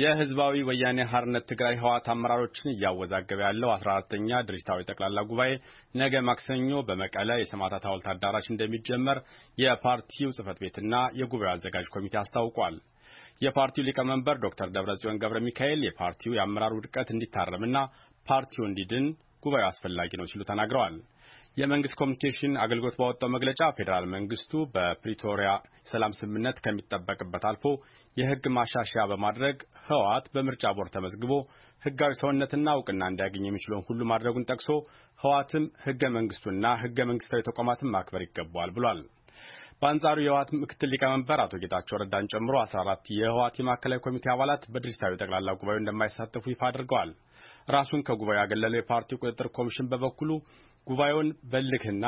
የህዝባዊ ወያኔ ሀርነት ትግራይ ህወሓት አመራሮችን እያወዛገበ ያለው አስራ አራተኛ ድርጅታዊ ጠቅላላ ጉባኤ ነገ ማክሰኞ በመቀለ የሰማዕታት ሐውልት አዳራሽ እንደሚጀመር የፓርቲው ጽህፈት ቤትና የጉባኤው አዘጋጅ ኮሚቴ አስታውቋል። የፓርቲው ሊቀመንበር ዶክተር ደብረጽዮን ገብረ ሚካኤል የፓርቲው የአመራር ውድቀት እንዲታረምና ፓርቲው እንዲድን ጉባኤው አስፈላጊ ነው ሲሉ ተናግረዋል። የመንግስት ኮሚኒኬሽን አገልግሎት ባወጣው መግለጫ ፌዴራል መንግስቱ በፕሪቶሪያ የሰላም ስምምነት ከሚጠበቅበት አልፎ የህግ ማሻሻያ በማድረግ ህወሓት በምርጫ ቦርድ ተመዝግቦ ህጋዊ ሰውነትና እውቅና እንዲያገኝ የሚችለውን ሁሉ ማድረጉን ጠቅሶ ህወሓትም ህገ መንግስቱና ህገ መንግስታዊ ተቋማትን ማክበር ይገባዋል ብሏል። በአንጻሩ የህወሀት ምክትል ሊቀመንበር አቶ ጌታቸው ረዳን ጨምሮ 14 የህወሀት የማዕከላዊ ኮሚቴ አባላት በድርጅታዊ ጠቅላላ ጉባኤው እንደማይሳተፉ ይፋ አድርገዋል። ራሱን ከጉባኤው ያገለለው የፓርቲው ቁጥጥር ኮሚሽን በበኩሉ ጉባኤውን በልክና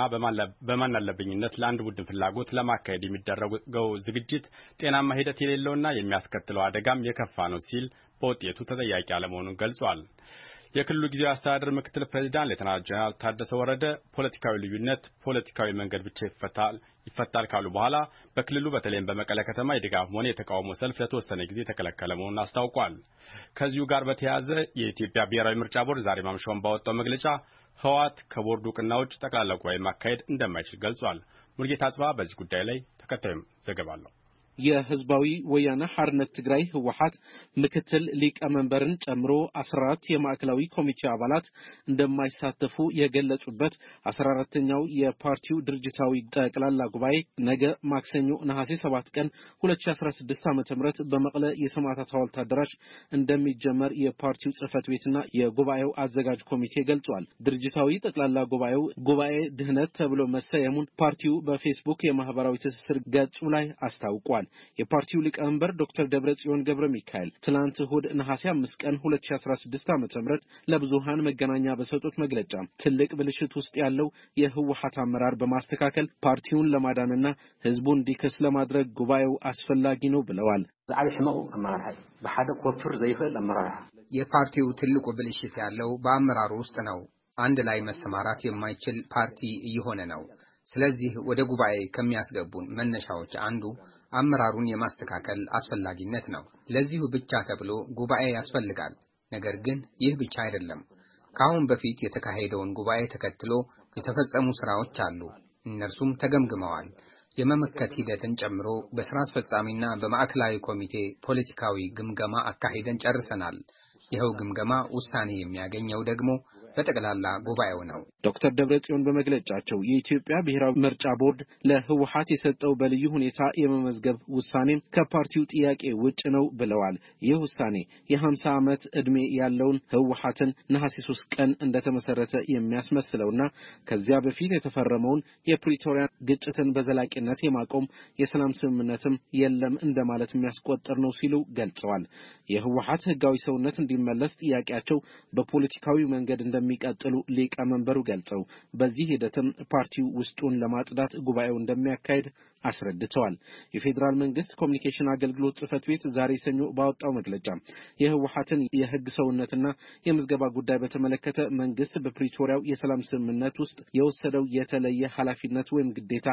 በማናለብኝነት ለአንድ ቡድን ፍላጎት ለማካሄድ የሚደረገው ዝግጅት ጤናማ ሂደት የሌለውና የሚያስከትለው አደጋም የከፋ ነው ሲል በውጤቱ ተጠያቂ አለመሆኑን ገልጿል። የክልሉ ጊዜያዊ አስተዳደር ምክትል ፕሬዚዳንት ሌተናል ጀነራል ታደሰ ወረደ ፖለቲካዊ ልዩነት ፖለቲካዊ መንገድ ብቻ ይፈታል ይፈታል ካሉ በኋላ በክልሉ በተለይም በመቀለ ከተማ የድጋፍ ሆነ የተቃውሞ ሰልፍ ለተወሰነ ጊዜ የተከለከለ መሆኑን አስታውቋል። ከዚሁ ጋር በተያያዘ የኢትዮጵያ ብሔራዊ ምርጫ ቦርድ ዛሬ ማምሻውን ባወጣው መግለጫ ህወሓት ከቦርዱ እውቅና ውጭ ጠቅላላ ጉባኤ ማካሄድ እንደማይችል ገልጿል። ሙልጌታ ጽባ በዚህ ጉዳይ ላይ ተከታዩም ዘገባ አለው። የህዝባዊ ወያነ ሐርነት ትግራይ ህወሓት ምክትል ሊቀመንበርን ጨምሮ 14 የማዕከላዊ ኮሚቴ አባላት እንደማይሳተፉ የገለጹበት 14ተኛው የፓርቲው ድርጅታዊ ጠቅላላ ጉባኤ ነገ ማክሰኞ ነሐሴ 7 ቀን 2016 ዓ ም በመቀለ የሰማዕታት ሐውልት አዳራሽ እንደሚጀመር የፓርቲው ጽህፈት ቤትና የጉባኤው አዘጋጅ ኮሚቴ ገልጿል። ድርጅታዊ ጠቅላላ ጉባኤው ጉባኤ ድህነት ተብሎ መሰየሙን ፓርቲው በፌስቡክ የማህበራዊ ትስስር ገጹ ላይ አስታውቋል። የፓርቲው ሊቀመንበር ዶክተር ደብረጽዮን ገብረ ሚካኤል ትናንት እሁድ ነሐሴ አምስት ቀን ሁለት ሺ አስራ ስድስት ለብዙሃን መገናኛ በሰጡት መግለጫ ትልቅ ብልሽት ውስጥ ያለው የህወሀት አመራር በማስተካከል ፓርቲውን ለማዳንና ህዝቡን እንዲክስ ለማድረግ ጉባኤው አስፈላጊ ነው ብለዋል። ዛዕብ ሕመቁ አመራርሓ ብሓደ ክወፍር ዘይኽእል አመራርሓ የፓርቲው ትልቁ ብልሽት ያለው በአመራሩ ውስጥ ነው። አንድ ላይ መሰማራት የማይችል ፓርቲ እየሆነ ነው። ስለዚህ ወደ ጉባኤ ከሚያስገቡን መነሻዎች አንዱ አመራሩን የማስተካከል አስፈላጊነት ነው። ለዚሁ ብቻ ተብሎ ጉባኤ ያስፈልጋል። ነገር ግን ይህ ብቻ አይደለም። ከአሁን በፊት የተካሄደውን ጉባኤ ተከትሎ የተፈጸሙ ስራዎች አሉ። እነርሱም ተገምግመዋል። የመመከት ሂደትን ጨምሮ በስራ አስፈጻሚና በማዕከላዊ ኮሚቴ ፖለቲካዊ ግምገማ አካሂደን ጨርሰናል። ይኸው ግምገማ ውሳኔ የሚያገኘው ደግሞ በጠቅላላ ጉባኤው ነው። ዶክተር ደብረጽዮን በመግለጫቸው የኢትዮጵያ ብሔራዊ ምርጫ ቦርድ ለህወሀት የሰጠው በልዩ ሁኔታ የመመዝገብ ውሳኔን ከፓርቲው ጥያቄ ውጭ ነው ብለዋል። ይህ ውሳኔ የሀምሳ ዓመት ዕድሜ ያለውን ህወሀትን ነሐሴ ሶስት ቀን እንደተመሰረተ የሚያስመስለውና ከዚያ በፊት የተፈረመውን የፕሪቶሪያን ግጭትን በዘላቂነት የማቆም የሰላም ስምምነትም የለም እንደማለት የሚያስቆጥር ነው ሲሉ ገልጸዋል። የህወሀት ህጋዊ ሰውነት እንዲ እንዲመለስ ጥያቄያቸው በፖለቲካዊ መንገድ እንደሚቀጥሉ ሊቀመንበሩ ገልጸው በዚህ ሂደትም ፓርቲው ውስጡን ለማጽዳት ጉባኤው እንደሚያካሄድ አስረድተዋል። የፌዴራል መንግስት ኮሚኒኬሽን አገልግሎት ጽህፈት ቤት ዛሬ ሰኞ ባወጣው መግለጫ የህወሀትን የህግ ሰውነትና የምዝገባ ጉዳይ በተመለከተ መንግስት በፕሪቶሪያው የሰላም ስምምነት ውስጥ የወሰደው የተለየ ኃላፊነት ወይም ግዴታ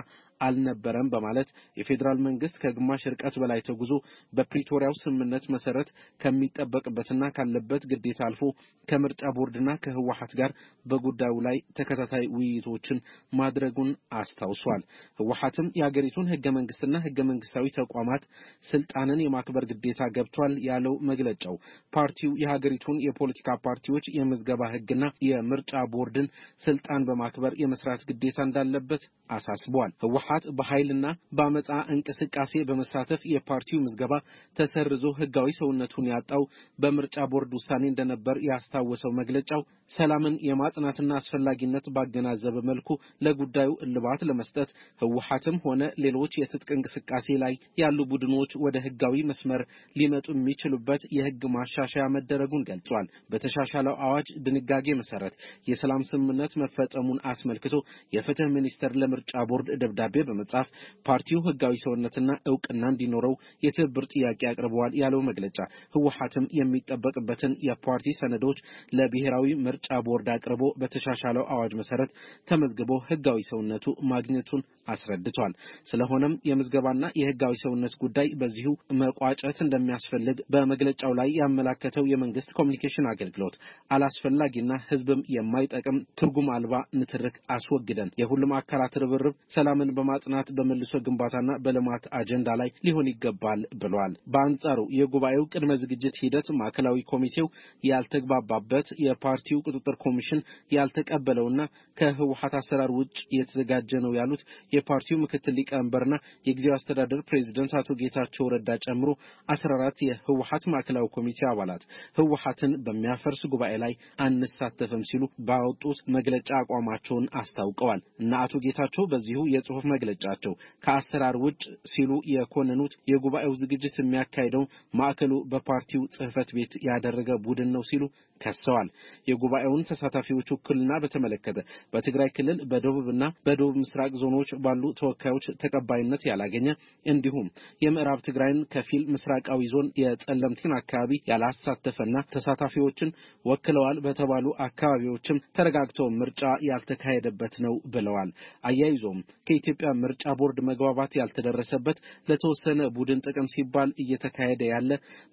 አልነበረም በማለት የፌዴራል መንግስት ከግማሽ ርቀት በላይ ተጉዞ በፕሪቶሪያው ስምምነት መሰረት ከሚጠበቅበትና ካለ ካለበት ግዴታ አልፎ ከምርጫ ቦርድና ከህወሀት ጋር በጉዳዩ ላይ ተከታታይ ውይይቶችን ማድረጉን አስታውሷል። ህወሀትም የአገሪቱን ህገ መንግስትና ህገ መንግስታዊ ተቋማት ስልጣንን የማክበር ግዴታ ገብቷል ያለው መግለጫው ፓርቲው የሀገሪቱን የፖለቲካ ፓርቲዎች የምዝገባ ህግና የምርጫ ቦርድን ስልጣን በማክበር የመስራት ግዴታ እንዳለበት አሳስቧል። ህወሀት በኃይልና በአመፃ እንቅስቃሴ በመሳተፍ የፓርቲው ምዝገባ ተሰርዞ ህጋዊ ሰውነቱን ያጣው በምርጫ ቦርድ ቦርድ ውሳኔ እንደነበር ያስታወሰው መግለጫው ሰላምን የማጽናትና አስፈላጊነት ባገናዘበ መልኩ ለጉዳዩ እልባት ለመስጠት ህወሓትም ሆነ ሌሎች የትጥቅ እንቅስቃሴ ላይ ያሉ ቡድኖች ወደ ህጋዊ መስመር ሊመጡ የሚችሉበት የህግ ማሻሻያ መደረጉን ገልጿል። በተሻሻለው አዋጅ ድንጋጌ መሰረት የሰላም ስምምነት መፈጸሙን አስመልክቶ የፍትህ ሚኒስቴር ለምርጫ ቦርድ ደብዳቤ በመጻፍ ፓርቲው ህጋዊ ሰውነትና እውቅና እንዲኖረው የትብብር ጥያቄ አቅርበዋል ያለው መግለጫ ህወሓትም የሚጠበቅበት የቀረበለትን የፓርቲ ሰነዶች ለብሔራዊ ምርጫ ቦርድ አቅርቦ በተሻሻለው አዋጅ መሰረት ተመዝግቦ ህጋዊ ሰውነቱ ማግኘቱን አስረድቷል። ስለሆነም የምዝገባና የህጋዊ ሰውነት ጉዳይ በዚሁ መቋጨት እንደሚያስፈልግ በመግለጫው ላይ ያመላከተው የመንግስት ኮሚኒኬሽን አገልግሎት አላስፈላጊና ህዝብም የማይጠቅም ትርጉም አልባ ንትርክ አስወግደን የሁሉም አካላት ርብርብ ሰላምን በማጽናት በመልሶ ግንባታና በልማት አጀንዳ ላይ ሊሆን ይገባል ብሏል። በአንጻሩ የጉባኤው ቅድመ ዝግጅት ሂደት ማዕከላዊ ኮሚ ኮሚቴው ያልተግባባበት የፓርቲው ቁጥጥር ኮሚሽን ያልተቀበለውና ከህወሀት አሰራር ውጭ የተዘጋጀ ነው ያሉት የፓርቲው ምክትል ሊቀመንበርና የጊዜው አስተዳደር ፕሬዚደንት አቶ ጌታቸው ረዳ ጨምሮ አስራ አራት የህወሀት ማዕከላዊ ኮሚቴ አባላት ህወሀትን በሚያፈርስ ጉባኤ ላይ አንሳተፍም ሲሉ ባወጡት መግለጫ አቋማቸውን አስታውቀዋል እና አቶ ጌታቸው በዚሁ የጽሁፍ መግለጫቸው ከአሰራር ውጭ ሲሉ የኮንኑት የጉባኤው ዝግጅት የሚያካሂደው ማዕከሉ በፓርቲው ጽህፈት ቤት ያደ የተደረገ ቡድን ነው ሲሉ ከሰዋል። የጉባኤውን ተሳታፊዎች ውክልና በተመለከተ በትግራይ ክልል በደቡብና በደቡብ ምስራቅ ዞኖች ባሉ ተወካዮች ተቀባይነት ያላገኘ እንዲሁም የምዕራብ ትግራይን ከፊል ምስራቃዊ ዞን የጠለምቲን አካባቢ ያላሳተፈና ተሳታፊዎችን ወክለዋል በተባሉ አካባቢዎችም ተረጋግተው ምርጫ ያልተካሄደበት ነው ብለዋል። አያይዞም ከኢትዮጵያ ምርጫ ቦርድ መግባባት ያልተደረሰበት ለተወሰነ ቡድን ጥቅም ሲባል እየተካሄደ ያለ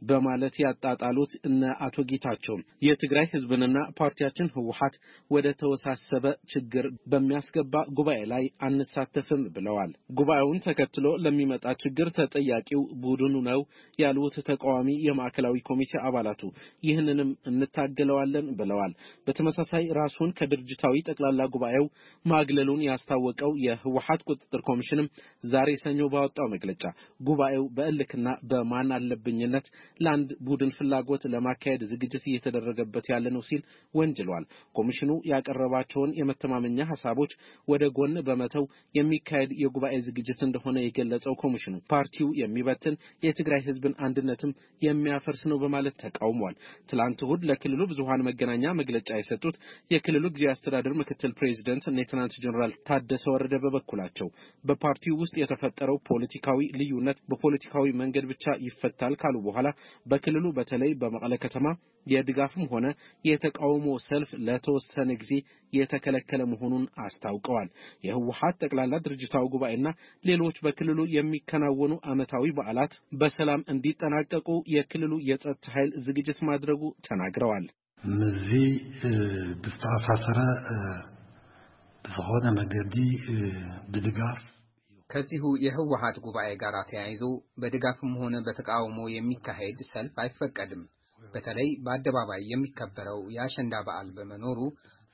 በማለት ያጣጣሉት እነ አቶ ጌታቸው የትግራይ ህዝብንና ፓርቲያችን ህወሀት ወደ ተወሳሰበ ችግር በሚያስገባ ጉባኤ ላይ አንሳተፍም ብለዋል። ጉባኤውን ተከትሎ ለሚመጣ ችግር ተጠያቂው ቡድኑ ነው ያሉት ተቃዋሚ የማዕከላዊ ኮሚቴ አባላቱ ይህንንም እንታገለዋለን ብለዋል። በተመሳሳይ ራሱን ከድርጅታዊ ጠቅላላ ጉባኤው ማግለሉን ያስታወቀው የህወሀት ቁጥጥር ኮሚሽንም ዛሬ ሰኞ ባወጣው መግለጫ ጉባኤው በእልክና በማን አለብኝነት ለአንድ ቡድን ፍላጎት ለማካሄድ ዝግጅት እየተደረገ እያደረገበት ያለ ነው ሲል ወንጅሏል። ኮሚሽኑ ያቀረባቸውን የመተማመኛ ሀሳቦች ወደ ጎን በመተው የሚካሄድ የጉባኤ ዝግጅት እንደሆነ የገለጸው ኮሚሽኑ ፓርቲው የሚበትን የትግራይ ህዝብን አንድነትም የሚያፈርስ ነው በማለት ተቃውሟል። ትላንት እሁድ ለክልሉ ብዙሀን መገናኛ መግለጫ የሰጡት የክልሉ ጊዜያዊ አስተዳደር ምክትል ፕሬዚደንት ሌተናንት ጀኔራል ታደሰ ወረደ በበኩላቸው በፓርቲው ውስጥ የተፈጠረው ፖለቲካዊ ልዩነት በፖለቲካዊ መንገድ ብቻ ይፈታል ካሉ በኋላ በክልሉ በተለይ በመቀለ ከተማ የድጋፍም ሆነ የተቃውሞ ሰልፍ ለተወሰነ ጊዜ የተከለከለ መሆኑን አስታውቀዋል። የህወሓት ጠቅላላ ድርጅታዊ ጉባኤና ሌሎች በክልሉ የሚከናወኑ ዓመታዊ በዓላት በሰላም እንዲጠናቀቁ የክልሉ የጸጥታ ኃይል ዝግጅት ማድረጉ ተናግረዋል። ምዚ ብዝተኣሳሰረ ብዝኾነ መገዲ ብድጋፍ ከዚሁ የህወሓት ጉባኤ ጋር ተያይዞ በድጋፍም ሆነ በተቃውሞ የሚካሄድ ሰልፍ አይፈቀድም። በተለይ በአደባባይ የሚከበረው የአሸንዳ በዓል በመኖሩ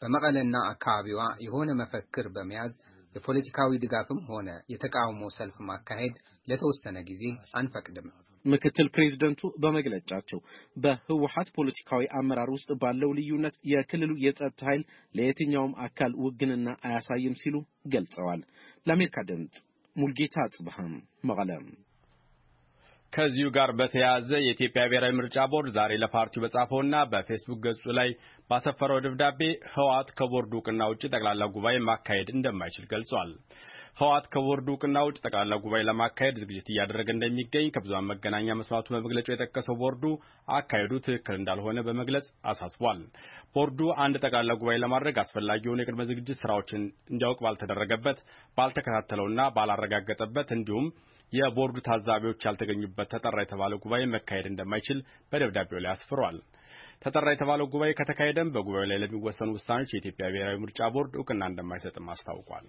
በመቀለና አካባቢዋ የሆነ መፈክር በመያዝ የፖለቲካዊ ድጋፍም ሆነ የተቃውሞ ሰልፍ ማካሄድ ለተወሰነ ጊዜ አንፈቅድም። ምክትል ፕሬዝደንቱ በመግለጫቸው በህወሀት ፖለቲካዊ አመራር ውስጥ ባለው ልዩነት የክልሉ የጸጥታ ኃይል ለየትኛውም አካል ውግንና አያሳይም ሲሉ ገልጸዋል። ለአሜሪካ ድምፅ ሙልጌታ ጽብሃም መቀለም ከዚሁ ጋር በተያያዘ የኢትዮጵያ ብሔራዊ ምርጫ ቦርድ ዛሬ ለፓርቲው በጻፈውና በፌስቡክ ገጹ ላይ ባሰፈረው ደብዳቤ ህወሓት ከቦርዱ እውቅና ውጭ ጠቅላላ ጉባኤ ማካሄድ እንደማይችል ገልጿል። ህወሓት ከቦርዱ እውቅና ውጭ ጠቅላላ ጉባኤ ለማካሄድ ዝግጅት እያደረገ እንደሚገኝ ከብዙኃን መገናኛ መስማቱ በመግለጫው የጠቀሰው ቦርዱ አካሄዱ ትክክል እንዳልሆነ በመግለጽ አሳስቧል። ቦርዱ አንድ ጠቅላላ ጉባኤ ለማድረግ አስፈላጊውን የቅድመ ዝግጅት ስራዎችን እንዲያውቅ ባልተደረገበት፣ ባልተከታተለውና ባላረጋገጠበት እንዲሁም የቦርዱ ታዛቢዎች ያልተገኙበት ተጠራ የተባለ ጉባኤ መካሄድ እንደማይችል በደብዳቤው ላይ አስፍሯል። ተጠራ የተባለው ጉባኤ ከተካሄደም በጉባኤው ላይ ለሚወሰኑ ውሳኔዎች የኢትዮጵያ ብሔራዊ ምርጫ ቦርድ እውቅና እንደማይሰጥም አስታውቋል።